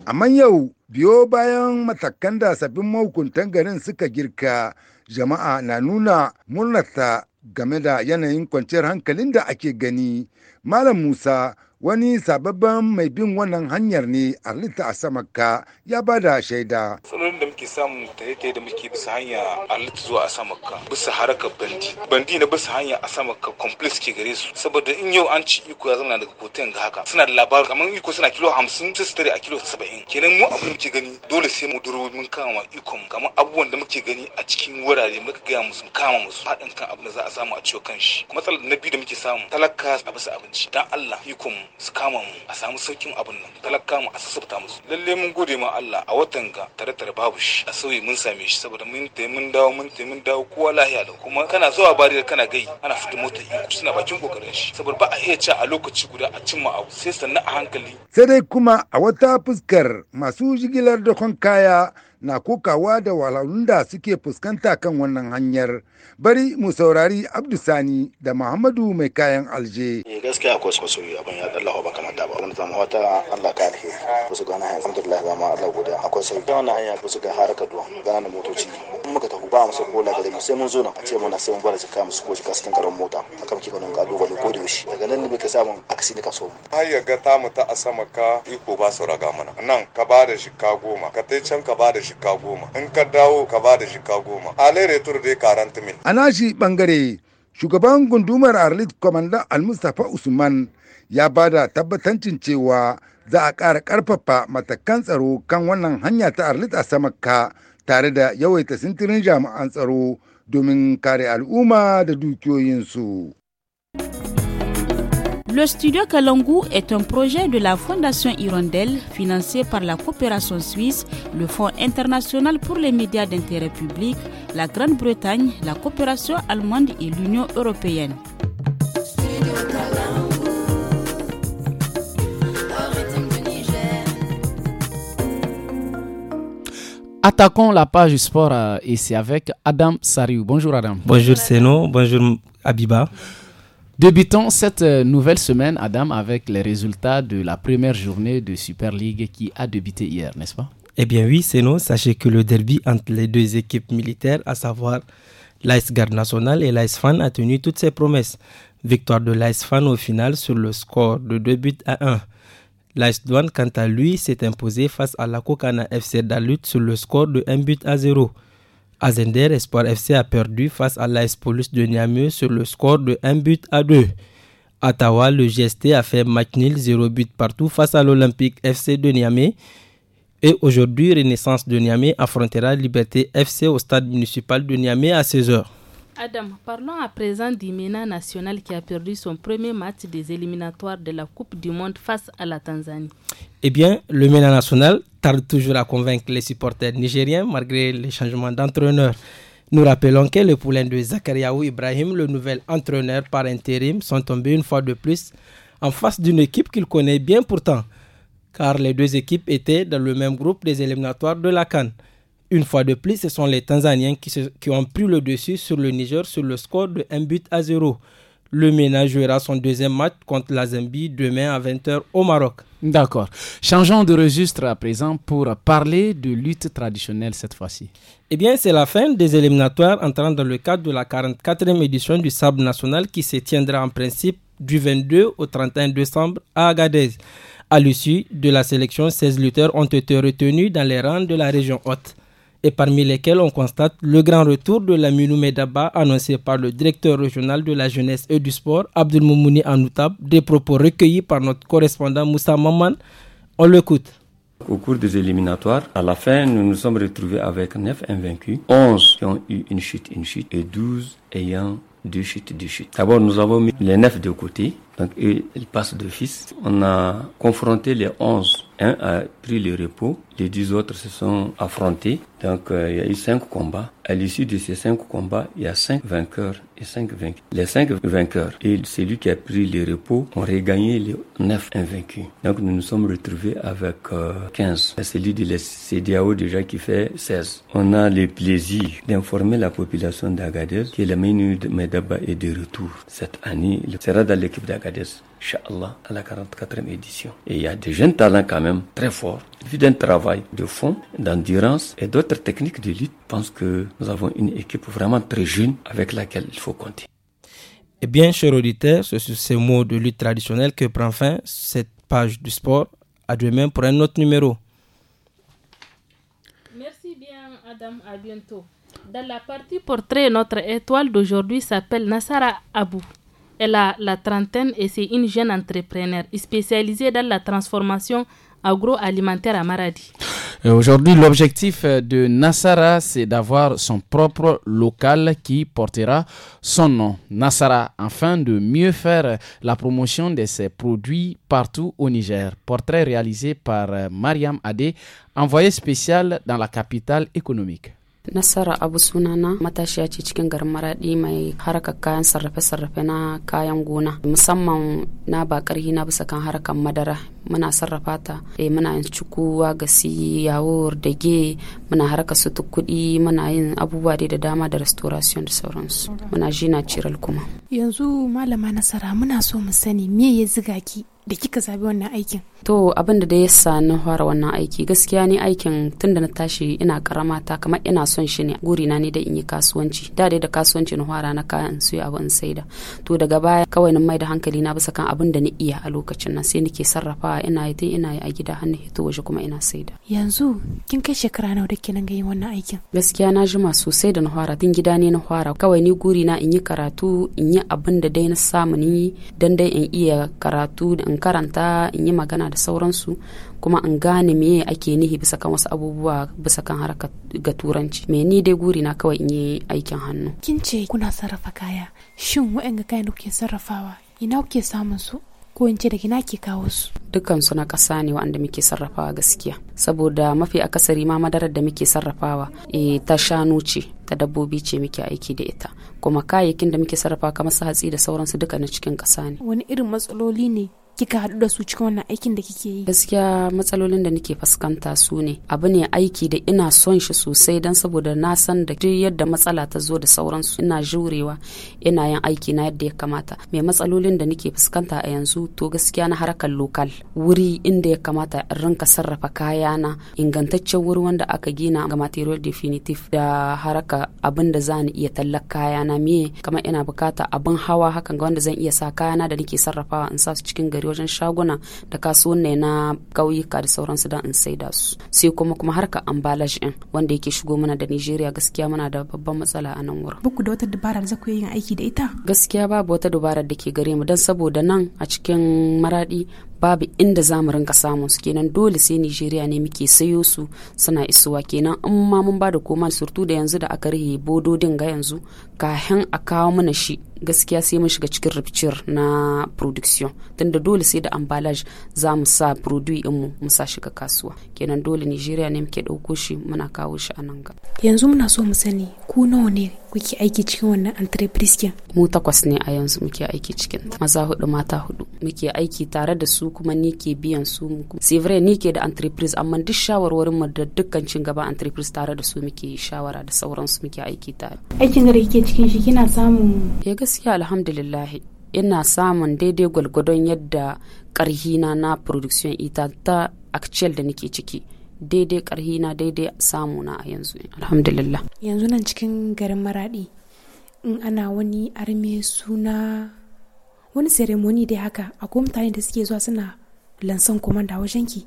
amma yau biyo bayan matakan da sabbin mahukuntan garin suka girka jama'a na nuna murnarta game da yanayin kwanciyar hankalin da ake gani malam musa wani sababban mai bin wannan hanyar ne a lita a samakka ya ba da shaida. Tsalolin da muke samu ta yake da muke bisa hanya a lita zuwa a samakka bisa harakar bandi. Bandi na bisa hanya a samakka complex ke gare su saboda in yau an ci iko ya zama daga kotan ga haka suna da labarin kamar iko suna kilo hamsin sai su tare a kilo saba'in kenan mu abin muke gani dole sai mu duro mun kama iko mu kamar abubuwan da muke gani a cikin wurare muka gaya musu kama musu haɗin kan abin da za a samu a ciwo kan shi. Matsalar na biyu da muke samu talaka a bisa abinci dan Allah iko mu su kama mu a samu saukin abin nan talaka mu a sassabta musu lalle mun gode ma Allah a watan ga tare tare babu shi a sauyi mun same shi saboda mun ta mun dawo mun ta mun dawo kowa lahiya da kuma kana zuwa bari kana gai ana fito mota iko suna bakin kokarin shi saboda ba a iya ci a lokaci guda a cimma abu sai sannan a hankali sai dai kuma a wata fuskar masu jigilar da kaya na kokawa da wahalhalun da suke fuskanta kan wannan hanyar bari mu saurari abdusani da muhammadu mai kayan alje eh gaskiya akwai su su abin ya ba da ba wani zama wata Allah ka alhe su gana hanyar alhamdulillah zama Allah guda akwai sai da wannan hanya su ga haraka duwa gana motoci in muka tafi ba mu sai kola gari sai mun zo na a ce muna sai mun bar jika mu ko karon mota akan kike ganin ka duba ko da yaushe daga nan ne aksi ne ka so ya ga ta mu ta a sama ka iko ba su raga mana nan ka ba da goma ka tai can ka ba da shika goma in ka dawo ka ba da shika goma alai retur dai karanta mil a nashi bangare shugaban gundumar arlit kwamandan almustapha usman ya ba da tabbatancin cewa za a ƙara ƙarfafa matakan tsaro kan wannan hanya ta arlit a samakka tare da yawaita sintirin jami'an tsaro domin kare al'umma da dukiyoyinsu. Le studio Kalangu est un projet de la Fondation Hirondelle financé par la coopération suisse, le Fonds international pour les médias d'intérêt public, la Grande-Bretagne, la coopération allemande et l'Union européenne. Attaquons la page sport et euh, c'est avec Adam Sariou. Bonjour Adam. Bonjour Seno, bonjour Abiba. Débutons cette euh, nouvelle semaine, Adam, avec les résultats de la première journée de Super League qui a débuté hier, n'est-ce pas Eh bien oui, c'est nous. Sachez que le derby entre les deux équipes militaires, à savoir l'Ice Garde Nationale et l'Ice Fan, a tenu toutes ses promesses. Victoire de l'Ice Fan au final sur le score de 2 buts à 1. l'Ice Douane, quant à lui, s'est imposé face à la Kokana FC Dalut sur le score de 1 but à 0. A Zender, Espoir FC a perdu face à l'AS Police de Niamey sur le score de 1 but à 2. Tawa, le GST a fait McNeil 0 but partout face à l'Olympique FC de Niamey. Et aujourd'hui, Renaissance de Niamey affrontera Liberté FC au stade municipal de Niamey à 16h. Adam, parlons à présent du MENA national qui a perdu son premier match des éliminatoires de la Coupe du Monde face à la Tanzanie. Eh bien, le MENA national tarde toujours à convaincre les supporters nigériens malgré les changements d'entraîneur. Nous rappelons que le poulains de Zakariaou Ibrahim, le nouvel entraîneur par intérim, sont tombés une fois de plus en face d'une équipe qu'il connaît bien pourtant, car les deux équipes étaient dans le même groupe des éliminatoires de la Cannes. Une fois de plus, ce sont les Tanzaniens qui, ont pris le dessus sur le Niger sur le score de 1 but à 0. Le ménage jouera son deuxième match contre la Zambie demain à 20h au Maroc. D'accord. Changeons de registre à présent pour parler de lutte traditionnelle cette fois-ci. Eh bien, c'est la fin des éliminatoires entrant dans le cadre de la 44e édition du Sable national qui se tiendra en principe du 22 au 31 décembre à Agadez. À l'issue de la sélection, 16 lutteurs ont été retenus dans les rangs de la région haute et parmi lesquels on constate le grand retour de la Medaba annoncé par le directeur régional de la jeunesse et du sport, Abdul Anoutab, des propos recueillis par notre correspondant Moussa Maman. On l'écoute. Au cours des éliminatoires, à la fin, nous nous sommes retrouvés avec 9 invaincus, 11 qui ont eu une chute, une chute, et 12 ayant deux chutes, deux chutes. D'abord, nous avons mis les 9 de côté donc, il, passe de fils. On a confronté les 11. Un a pris le repos. Les 10 autres se sont affrontés. Donc, euh, il y a eu 5 combats. À l'issue de ces 5 combats, il y a 5 vainqueurs et 5 vaincus. Les 5 vainqueurs et celui qui a pris le repos ont regagné les 9 invaincus. Donc, nous nous sommes retrouvés avec 15. Euh, c'est celui de la CDAO déjà qui fait 16. On a le plaisir d'informer la population d'Agadez que la menu de Medaba est de retour cette année. Il sera dans l'équipe d'Agadez. Inch'Allah, à la 44e édition. Et il y a des jeunes talents quand même très forts. Vu d'un travail de fond, d'endurance et d'autres techniques de lutte, je pense que nous avons une équipe vraiment très jeune avec laquelle il faut compter. Eh bien, chers auditeurs, c'est sur ces mots de lutte traditionnelle que prend fin cette page du sport. À demain pour un autre numéro. Merci bien, Adam. À bientôt. Dans la partie portrait, notre étoile d'aujourd'hui s'appelle Nassara Abou. Elle a la trentaine et c'est une jeune entrepreneur spécialisée dans la transformation agroalimentaire à Maradi. Euh, aujourd'hui, l'objectif euh, de Nassara, c'est d'avoir son propre local qui portera son nom, Nassara, afin de mieux faire la promotion de ses produits partout au Niger. Portrait réalisé par euh, Mariam Adé, envoyé spécial dans la capitale économique. Nasara Abu sunana matashiya ce cikin garin maraɗi mai harkar kayan sarrafe-sarrafe na kayan gona musamman na bakar na bisa kan harkar madara muna sarrafa ta e, muna yin cikuwa gasi yawo dage muna haraka su kuɗi muna yin abubuwa da dama da restoration da sauransu muna ji na ciral kuma yanzu malama nasara muna so mu sani me ya ziga ki da kika zabi wannan aikin to abin da da ya sa na fara wannan aiki gaskiya ni aikin tun da na tashi ina karama ta kamar ina son shi ne guri na ne da in yi kasuwanci da dai da kasuwanci na fara na kayan su abu in saida to daga baya kawai na mai da hankali na bisa kan abin da ni iya a lokacin nan sai nake sarrafa ba ina yi ina yi a gida hannu hito waje kuma ina saida yanzu kin kai shekara nawa da kenan ga yin wannan aikin gaskiya na jima sosai da na fara tun gida ne na fara kawai ni guri na in yi karatu in yi abin da dai na samu ni dan dai in iya karatu in karanta in yi magana da sauransu kuma in gane me ake nihi bisa kan wasu abubuwa bisa kan haraka ga turanci me ni dai guri na kawai in yi aikin hannu kin ce kuna sarrafa kaya shin wa'anga kayan da kuke sarrafawa ina kuke samun su ko in ce da ke kawo su dukkan su na ƙasa ne waɗanda muke sarrafawa gaskiya saboda mafi akasari ma madarar da muke sarrafawa e, ta shanu ce ta dabbobi ce muke aiki da ita kuma kayayyakin da muke sarrafa kamar su hatsi da sauransu duka na cikin ƙasa ne wani irin matsaloli ne kika haɗu da su cikin wannan aikin da kike yi gaskiya matsalolin da nake fuskanta su ne abu ne aiki da ina son shi sosai don saboda na san da duk yadda matsala ta zo da sauransu ina jurewa ina yin aiki na yadda ya kamata mai matsalolin da nake fuskanta a yanzu to gaskiya na harkar lokal wuri inda ya kamata in rinka sarrafa kayana ingantaccen wuri wanda aka gina ga material definitive da haraka abin da za ni iya tallar kayana me kamar ina bukata abin hawa hakan ga wanda zan iya sa kayana da nake sarrafawa in sa su cikin gari wajen shaguna da kasuwanni na ƙauyuka da sauransu don in sai da su sai kuma kuma harka ambalage in wanda yake shigo mana da Nigeria gaskiya muna da babban matsala a nan wurin buku da wata dabara da za ku yi aiki da ita gaskiya babu wata dabarar da ke gare mu don saboda nan a cikin maradi babu inda za mu rinka samun su kenan dole sai Nigeria ne muke sayo su suna isuwa kenan in ma mun ba da koma surtu da yanzu da aka rihe bododin ga yanzu kahin a kawo mana shi gaskiya sai mun shiga cikin rupture na production tunda dole sai da ambalaj za mu sa produit mu mu sa shiga kasuwa kenan dole Nigeria ne muke ɗauko shi muna kawo shi a nan ga yanzu muna so mu sani ku nawa ne kuke aiki cikin wannan entreprise kin mu takwas ne a yanzu muke aiki cikin maza hudu mata hudu muke aiki tare da su kuma ni ke biyan su sevre ni ke da entreprise amma duk shawarwarin mu da dukkan cin gaba entreprise tare da su muke shawara da su muke aiki tare aikin da kike cikin shi kina samun ya eh gaskiya alhamdulillah ina samun daidai gwalgwadon yadda karhina na production ita ta actual da nake ciki daidai karhi na daidai samu na a yanzu alhamdulillah yanzu nan cikin garin maradi in ana wani arme suna wani ceremony dai haka a mutane da suke zuwa suna lansan komanda wajen ki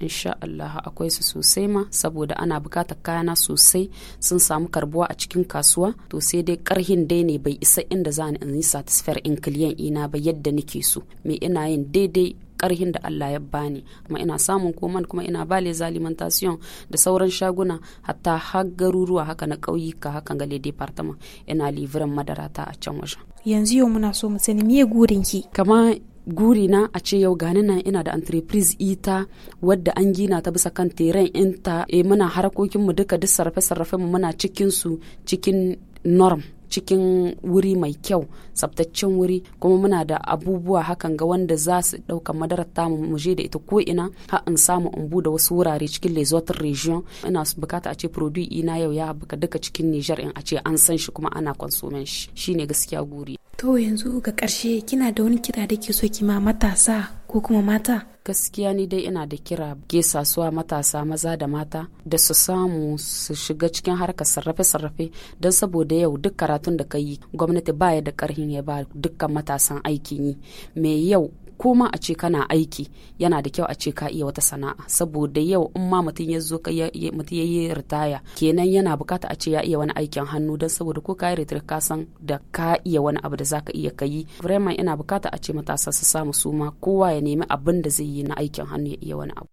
insha Allah akwai su sosai ma saboda ana bukatar kayana sosai sun samu karbuwa a cikin kasuwa to sai dai karhin dai ne bai isa inda za ni in yi satisfyar in kiliyan ina ba yadda nake so me ina yin daidai karhin da Allah ya bani kuma ina samun koman kuma ina bale zalimantation da sauran shaguna hatta har garuruwa haka na ƙauyuka haka le departament ina liviran madara ta a can wajen yanzu yau muna so mu sani me gurin ki kama guri na a ce yau gani nan ina da entreprise ita wadda an gina ta bisa kan teren inta e eh, muna harkokin mu duka duk sarrafe sarrafe mu muna cikin su cikin norm cikin wuri mai kyau tsabtaccen wuri kuma muna da abubuwa hakan ga wanda za su ɗauka madarar tamu muje da ita ko ina har in samu in bude wasu wurare cikin lesotin region ina bukata a ce produit ina yau ya buka duka cikin niger in a ce an san shi kuma ana consumen shi shine gaskiya guri To yanzu ga ƙarshe kina da wani kira da ke so ki ma matasa ko kuma mata? Gaskiya ni dai ina da kira ke sasuwa matasa maza da mata da su samu su shiga cikin harkar sarrafe-sarrafe don saboda yau duk karatun da ka yi gwamnati baya da karhin ya ba dukkan matasan aikin yi. mai yau ko ma a ce kana aiki yana da kyau a ce ka iya wata sana'a saboda yau in ma mutum ya zo mutum ya yi ritaya kenan yana bukata a ce ya iya wani aikin hannu don saboda ko ka yi ritaya ka san da ka iya wani abu da zaka iya ka yi vraiment yana bukata a ce matasa su samu suma kowa ya nemi abin da zai yi na aikin hannu ya iya wani abu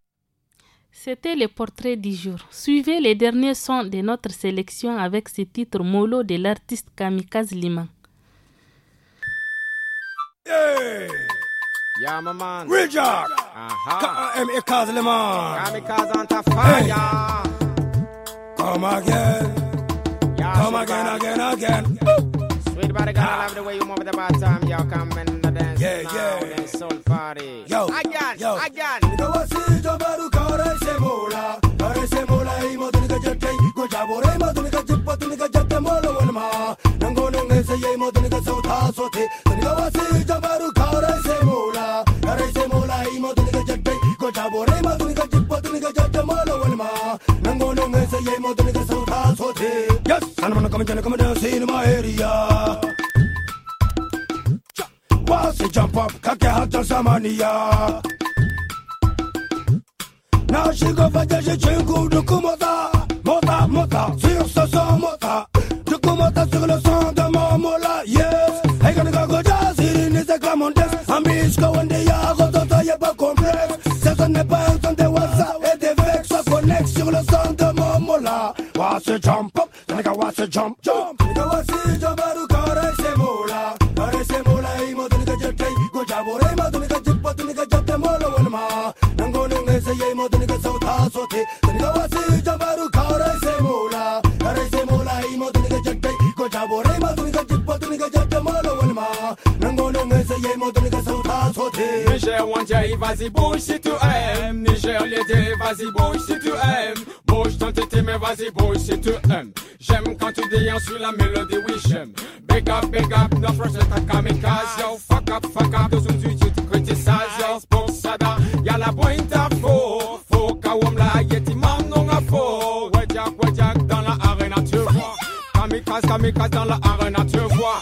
C'était le portrait du jour. Suivez les derniers sons de notre sélection avec ce titre Molo de l'artiste Kamikaze Liman. Hey Yeah, my man. Real Jack. Uh-huh. Kamikaze Le Man. Kamikaze on the fire. Hey. Come again. Yeah, Come again, again, again, Sweet body, girl, to love the way you move at the bottom. Yo, come in the dance. Yeah, now, yeah. Dance soul party. Yo, again, yo. again. Yo, baru, se mola. Kore mola, imo, tunika, jate. Go, imo, tunika, jipa, tunika, jate, molo, walma. से ये मोदन का सोथा सोथे तनगावा से जबारू खारे से मोला खारे से मोला ही मोदन का जट्टे को जाबो रे मोदन का जिप्पो तन का जट्ट मोलो वलमा नंगो नंगे से ये मोदन का सोथा सोथे यस खान मन कम जन कम ने सीन मा एरिया वास जंप अप का क्या हाथ सामानिया Now she go for the chingu, the kumota, mota, mota, see you so, so, mota. commentaire sur le son de yes. Hey, quand go jazz, il n'est qu'à mon desk. Amish, go on the yard, on t'en de WhatsApp et des vex, soit connect sur le son de mon mola. Watch a jump up, then I watch a jump, jump. Nigga, watch a jump, I do car, mola. I say mola, I'm a nigga jet I'm a nigga I'm all over oh, my. I'm going to say, I'm a nigga, so that's Niger vas-y bouge si tu aimes Niger dit, vas-y bouge si tu aimes Bouge ton vas-y bouge si tu aimes J'aime quand tu dis sur la mélodie, oui j'aime Big up, big up, no fresh kamikaze Yo, fuck up, fuck up, tu who do Yo, y'a la pointe à faux Faut qu'à la yeti man non à faux Wajak, wajak, dans la arena tu vois Kamikaze, kamikaze, dans la arena tu vois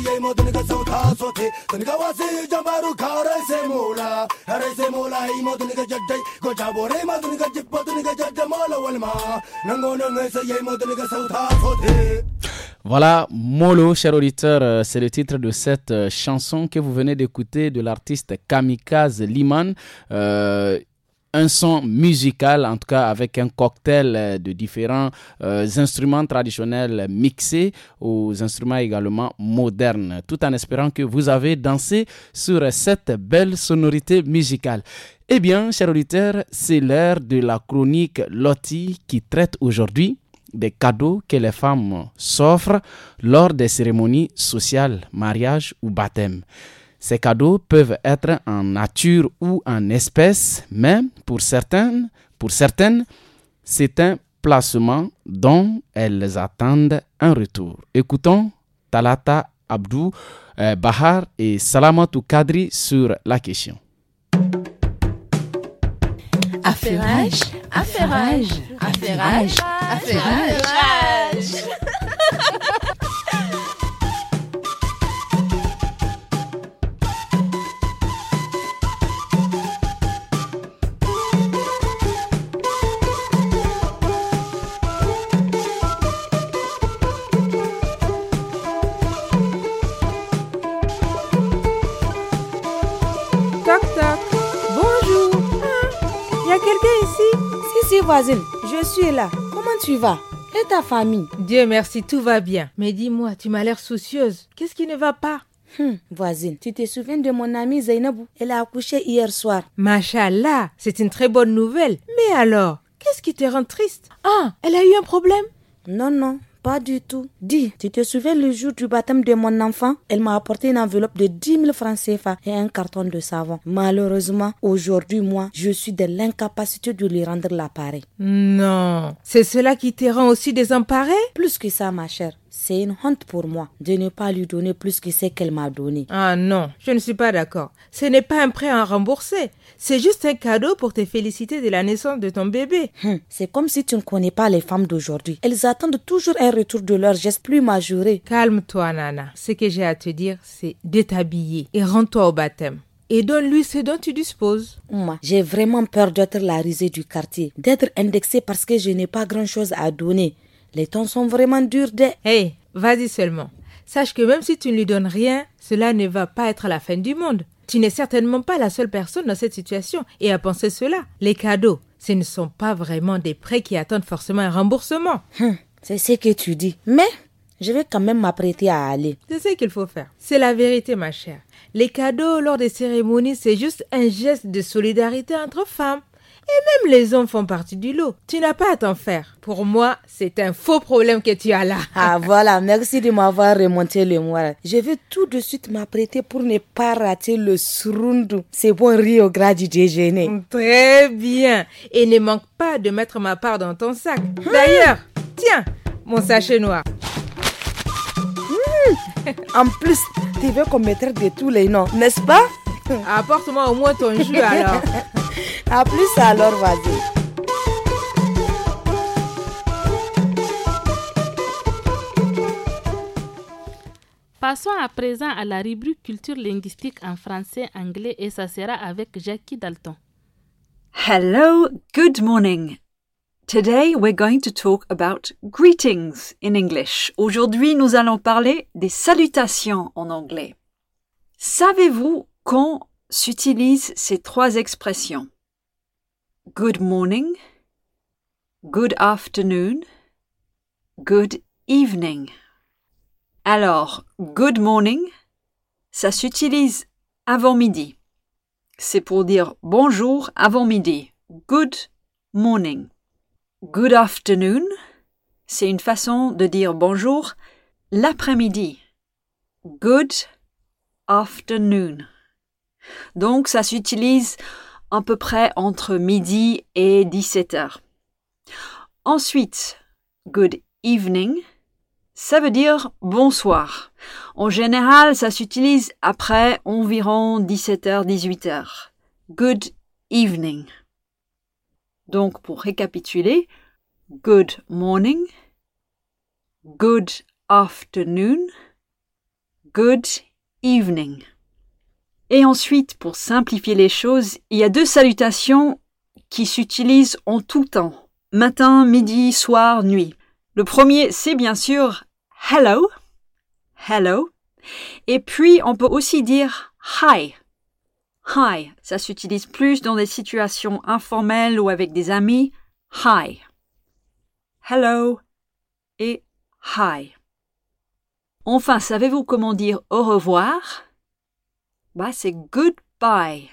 yai mo tani ka so tha so the tani ka wasi jambaru khare se mola hare se mola i mo tani ka jaddai go jabo re ma tani ka jippo tani ka jadda mola walma nango nango se yai mo tani ka so tha so the Voilà, Molo, cher auditeur, euh, c'est le titre de cette euh, chanson que vous venez d'écouter de l'artiste Kamikaze Liman. Euh, un son musical, en tout cas avec un cocktail euh, de différents euh, instruments traditionnels mixés aux instruments également modernes, tout en espérant que vous avez dansé sur cette belle sonorité musicale. Eh bien, chers auditeurs, c'est l'heure de la chronique Loti qui traite aujourd'hui des cadeaux que les femmes s'offrent lors des cérémonies sociales, mariage ou baptême. Ces cadeaux peuvent être en nature ou en espèce, mais pour certaines, pour certaines c'est un placement dont elles attendent un retour. Écoutons Talata Abdou euh, Bahar et Salamatou Kadri sur la question. voisine, je suis là. Comment tu vas Et ta famille Dieu merci, tout va bien. Mais dis-moi, tu m'as l'air soucieuse. Qu'est-ce qui ne va pas hum, voisine, tu te souviens de mon amie Zainabou Elle a accouché hier soir. Machallah, c'est une très bonne nouvelle. Mais alors, qu'est-ce qui te rend triste Ah, elle a eu un problème Non, non, pas du tout. Dis, tu te souviens le jour du baptême de mon enfant Elle m'a apporté une enveloppe de 10 000 francs CFA et un carton de savon. Malheureusement, aujourd'hui, moi, je suis de l'incapacité de lui rendre l'appareil. Non. C'est cela qui te rend aussi désemparée Plus que ça, ma chère c'est une honte pour moi de ne pas lui donner plus que ce qu'elle m'a donné. Ah non, je ne suis pas d'accord. Ce n'est pas un prêt à rembourser. C'est juste un cadeau pour te féliciter de la naissance de ton bébé. Hum, c'est comme si tu ne connais pas les femmes d'aujourd'hui. Elles attendent toujours un retour de leur gestes plus majoré. Calme-toi, Nana. Ce que j'ai à te dire, c'est de et rends-toi au baptême et donne-lui ce dont tu disposes. Moi, j'ai vraiment peur d'être la risée du quartier, d'être indexée parce que je n'ai pas grand-chose à donner. Les temps sont vraiment durs dès... Hey, vas-y seulement. Sache que même si tu ne lui donnes rien, cela ne va pas être la fin du monde. Tu n'es certainement pas la seule personne dans cette situation et à penser cela. Les cadeaux, ce ne sont pas vraiment des prêts qui attendent forcément un remboursement. Hum, c'est ce que tu dis. Mais je vais quand même m'apprêter à aller. C'est ce qu'il faut faire. C'est la vérité, ma chère. Les cadeaux lors des cérémonies, c'est juste un geste de solidarité entre femmes. Et même les hommes font partie du lot. Tu n'as pas à t'en faire. Pour moi, c'est un faux problème que tu as là. ah voilà, merci de m'avoir remonté le moral. Je vais tout de suite m'apprêter pour ne pas rater le surundu. C'est bon Rio au du déjeuner. Mm, très bien. Et ne manque pas de mettre ma part dans ton sac. D'ailleurs, tiens, mon sachet noir. Hmm. En plus, tu veux qu'on mette de tous les noms, n'est-ce pas Apporte-moi au moins ton jus alors. A plus alors, vas-y. Passons à présent à la rubrique culture linguistique en français, anglais et ça sera avec Jackie Dalton. Hello, good morning. Today we're going to talk about greetings in English. Aujourd'hui, nous allons parler des salutations en anglais. Savez-vous quand s'utilisent ces trois expressions Good morning, good afternoon, good evening. Alors, good morning, ça s'utilise avant midi. C'est pour dire bonjour avant midi. Good morning. Good afternoon, c'est une façon de dire bonjour l'après-midi. Good afternoon. Donc ça s'utilise à peu près entre midi et 17 heures. Ensuite, good evening, ça veut dire bonsoir. En général, ça s'utilise après environ 17h, 18h. Good evening. Donc, pour récapituler, good morning, good afternoon, good evening. Et ensuite, pour simplifier les choses, il y a deux salutations qui s'utilisent en tout temps. Matin, midi, soir, nuit. Le premier, c'est bien sûr hello. Hello. Et puis, on peut aussi dire hi. Hi. Ça s'utilise plus dans des situations informelles ou avec des amis. Hi. Hello. Et hi. Enfin, savez-vous comment dire au revoir? bah, c'est goodbye.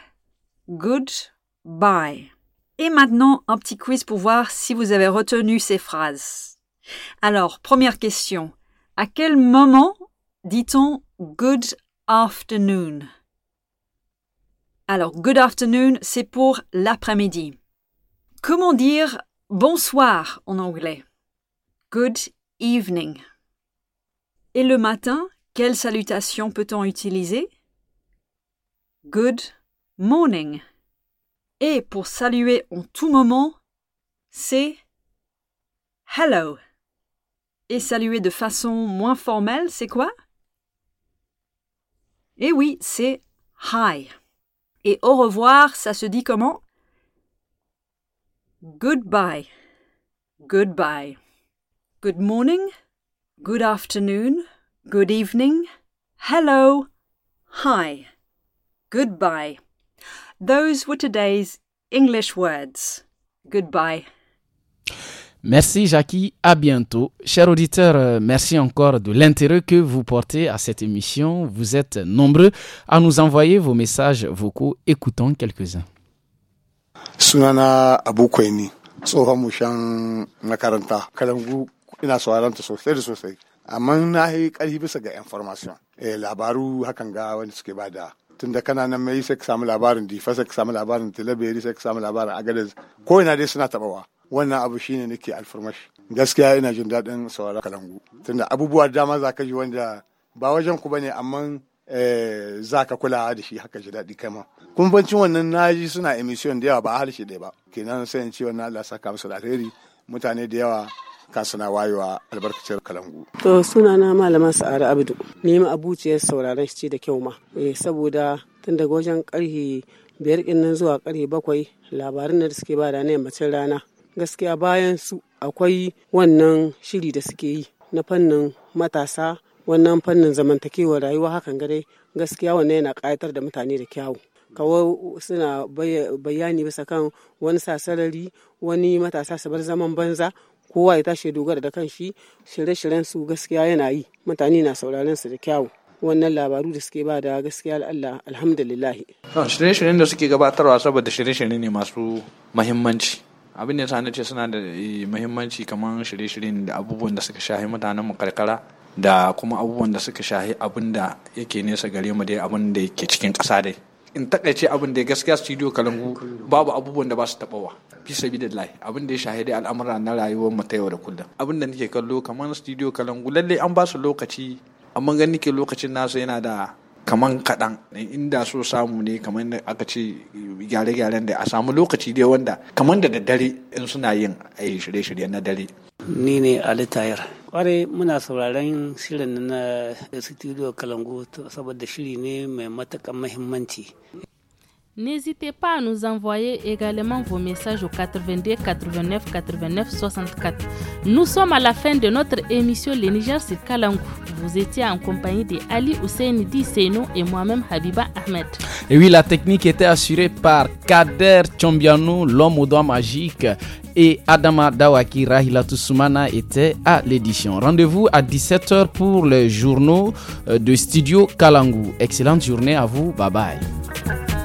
Goodbye. Et maintenant, un petit quiz pour voir si vous avez retenu ces phrases. Alors, première question. À quel moment dit-on good afternoon? Alors, good afternoon, c'est pour l'après-midi. Comment dire bonsoir en anglais? Good evening. Et le matin, quelle salutation peut-on utiliser? Good morning. Et pour saluer en tout moment, c'est Hello. Et saluer de façon moins formelle, c'est quoi Eh oui, c'est Hi. Et au revoir, ça se dit comment Goodbye. Goodbye. Good morning. Good afternoon. Good evening. Hello. Hi goodbye. Those were today's English words. Goodbye. Merci Jackie, à bientôt. Chers auditeurs, euh, merci encore de l'intérêt que vous portez à cette émission. Vous êtes nombreux à nous envoyer vos messages vocaux. Écoutons quelques-uns. Sunana Abukweni, tsohon mushan makaranta, kalangu ina sauraronta sosai da sosai, amma na yi ƙarfi bisa ga information, eh, labaru hakan ga wanda suke bada tun tunda kana nan mai sai ka samu labarin difa sai ka samu labarin tilaberi sai ka samu labarin agadez ko ina dai suna tabawa wannan abu shine nake alfarmashi gaskiya ina jin daɗin sauraron kalangu tunda abubuwa dama za ka ji wanda ba wajen ku bane amma eh, za ka kula da shi haka ji daɗi kai ma kuma wannan wannan naji suna emission da yawa ba a harshe ɗaya ba kenan sai in ce wannan Allah saka musu alheri mutane da yawa kasana wayewa albarkacin kalangu. To suna na malama sa'ar abdu ni ma abuciyar sauraron shi da kyau ma eh, saboda tun daga wajen karhe biyar nan zuwa karhe bakwai labarin da suke ba da na yammacin rana gaskiya bayan su akwai wannan shiri da suke yi na fannin matasa wannan fannin zamantakewar rayuwa hakan gadai gaskiya wannan yana ƙayatar da mutane da kyawu kawo suna bayani bisa kan wani sasarari wani matasa su bar zaman banza kowa ya tashi dogara da kanshi shirye-shiryen su gaskiya yana yi mutane na sauraron su da kyawu wannan labaru da suke ba da gaskiya Allah alhamdulillah shirye-shiryen da suke gabatarwa saboda shirye-shirye ne masu mahimmanci abin da ya ce suna da eh, mahimmanci kamar shirye-shiryen da abubuwan da suka shahi mutanen mu karkara da kuma abubuwan da suka shahi abin da yake nesa gare mu dai abin da yake cikin ƙasa dai in takaice abin da gaskiya studio kalangu babu abubuwan da ba su tabawa fi sabidillahi abin da ya shahidi al'amura na rayuwar mu ta yau da kullum abin da nake kallo kamar studio kalangu lalle an ba su lokaci amma ganin nake lokacin nasu yana da kaman kaɗan eh, inda so samu ne kaman da aka ce gyare-gyaren da a samu lokaci dai wanda kamar da daddare in suna yin a eh, shirye-shirye na dare ni ne ali tayar N'hésitez pas à nous envoyer également vos messages au 82 89 89 64. Nous sommes à la fin de notre émission Les Niger sur Kalangou. Vous étiez en compagnie d'Ali Ali Hussein Seno et moi-même Habiba Ahmed. Et oui, la technique était assurée par Kader Chombiano, l'homme aux doigts magiques, et Adama Dawaki Rahila était à l'édition. Rendez-vous à 17h pour le journaux euh, de Studio Kalangu. Excellente journée à vous. Bye bye.